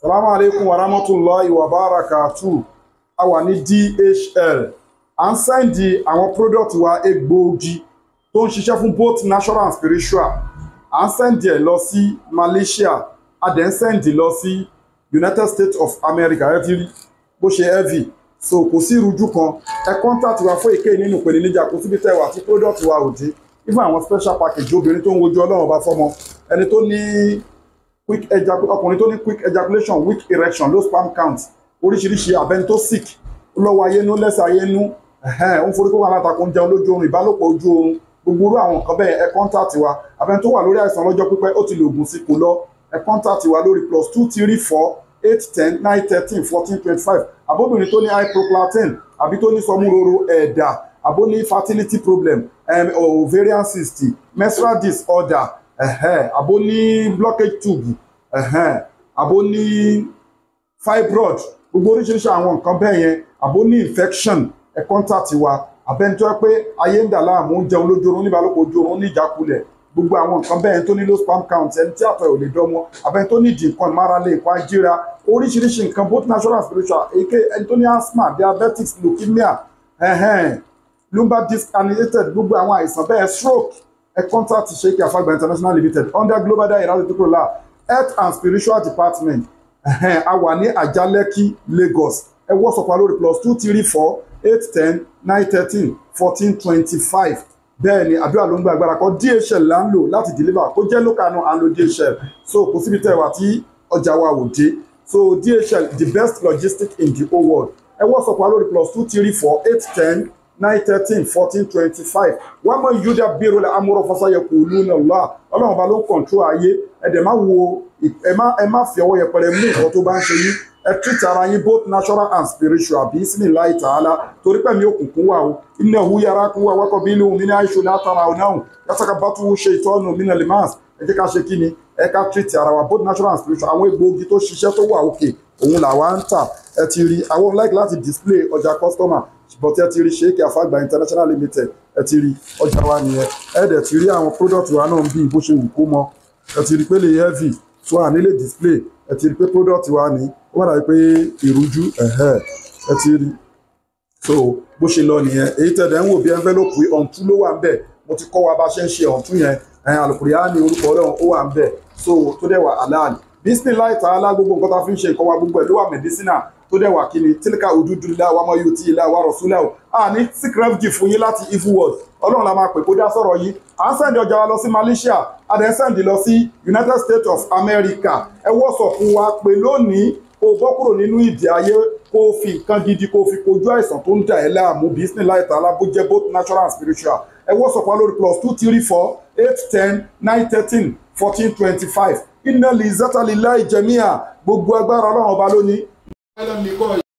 salamu alaikum wa rahmatulahi wa barakatu a wà ní DHL à ń sẹ́ndì àwọn product wa egbòogi tó ń ṣiṣẹ́ fún both natural and spiritual à ń sẹ́ndì ẹ̀ lọ sí Malaysia a dẹ̀ ń sẹ́ndì lọ sí United States of America ẹ ti rí bó ṣe heavy so kò sí ìrújú kan ẹ contact wa fún èké nínú ìpele níjà kò síbi tẹ́ wà tí product wa ò dé even àwọn special package obìnrin tó ń wojú ọlọ́run ọba fọmọ ẹni tó ní quick ọkùnrin tó ní quick ejaculation weak erection low sperm count oríṣiríṣi abẹni tó sick lọ́wọ́ ayé nú lẹ́sẹ̀ ayé nú ó ń forí kó wà látàkó ń jẹun lójú oorun ìbálòpọ̀ ojú oorun gbogbo irú àwọn nǹkan bẹ́ẹ̀ ẹ kọ́ńtàtì wa abẹni tó wà lórí àìsàn lọ́jọ́ pípẹ́ ó ti lo oògùn sí kò lọ ẹ contact. wa lórí plus two three four eight ten nine thirteen fourteen twenty five abóbìnrin tó ní hyproplatin àbí tó ní sọmúroro ẹ̀dà àbó ní fertility problem um, ovarian cyst menstrual disorder abo ní blockage tube abo ní fibroid gbogbo oríṣiríṣi àwọn nǹkan bẹ́ẹ̀ yẹn abo ní infection ẹ contact wa àbẹ́ntọ́ pé ayé ń dà láàmú jẹun lójoorun níbalòpọ̀ ojoorun ní gbogbo àwọn nǹkan bẹ́ẹ̀ tó ní low Spam count ẹni tí àtọ̀ ò lè dọ́mọ abẹ́ni tó ní ìdìkan ìmárale nǹkan ajíra oríṣiríṣi nǹkan both natural and spiritual èké ẹni tó ní asthma diabetes, leukemia lumbar disc herniated gbogbo àwọn àìsàn bẹ́ẹ̀ stroke A ẹ contact sheikh afagba international limited under global dahiratu dhikrlahi health and spiritual department eh, a wà ní ajalẹ́kí lagos ẹ wọ́sọ̀pá lórí plus two three four eight ten nine thirteen fourteen twenty five bẹ́ẹ̀ ni àdúrà ló ń gba agbára kan DHL là ń lò láti deliver kó jẹ́ lókàánú à ń lo DHL so kò síbi tẹ́ ẹ wà tí ọjà wa ò dé so DHL the best logistic in the whole world ẹ wọ́sọ̀pá lórí plus two three four eight ten nine thirteen fourteen twenty five wọ́n mọ̀ yúdà bírò lẹ́ amúrò fọ́sáyẹ kò lù nà lọ́à ọlọ́run bá ló ń kọ̀ǹtró ayé ẹ̀dẹ̀ má wo ẹ má fi ọwọ́ yẹpẹrẹ mú nǹkan tó bá ń ṣe yín ẹ treat ara yín both natural and spiritual bí sínú láì tààlà torí pẹ̀mí òkùnkùn wà o iná hu yàrá kún wà wákọ̀ bí ilé omi ní àìṣó látara ọ̀nàhùn yàtọ̀ka bá tún ṣe ìtọ́nù mí nàlẹ́ máa ẹ jẹ́ ká ṣe kí ni ẹ ká treat ara wa both natural and spiritual àwọn egbòogi tó ṣiṣẹ́ tó wà òkè òun làwa ń tà ẹ ti rí àwọn like láti display ọjà customer ṣùgbọ́n tí ẹ ti rí ṣéèkì àfàgbà international limited ẹ ti rí ọjà wa nìyẹn ẹ dẹ̀ ti rí àwọn product wa náà bí bó ṣe wù kó mọ ẹ ti rí pé lè heavy tó à nílé display ẹ ti rí pé product wa ní ó wà dàbí pé ìrújú ẹ ti rí so bó ṣe lọ nìyẹn èyí tẹ̀dẹ̀ ń wò bí envelope ọ̀ǹtún ló wà ń bẹ̀ mo ti kọ́ wa bá ṣe ń ṣe ọ̀ǹtún yẹn ẹ̀yìn àlùkùránì orúkọ ọlọ́run ó wà ń bẹ̀ so tó dẹ̀ wà aláàlì bísí láì tààlà gbogbo nǹkan tá a fi ń ṣe ìkọ́wa gbogbo ẹ̀ ló wà mẹ́dísínà tó dẹ̀ wà kí ni tílíkà òdúdú ilá wa mọ yóò ti la wa rọ̀ la o àní secret gift fún yín láti evil world ọlọ́run la máa pè kó dá sọ̀rọ̀ yìí à ń sẹ́ndì ọjà wa lọ sí Malaysia a dẹ̀ ń sẹ́ndì lọ sí United States of America ẹ wọ́sọ̀ fún wa pé lónìí kó o bọ́ kúrò nínú ìdí ayé kó o fi nǹkan gidi kó o fi kojú àìsàn tó ń dà ẹ́ láàmú bísí láìta alábójẹ́ both natural and spiritual ẹ wọ́sọ̀ fún wa lórí plus two three four eight ten nine thirteen fourteen twenty five iná lè zátàlí láì gbogbo agbára ọlọ́run ọba lónìí don't ko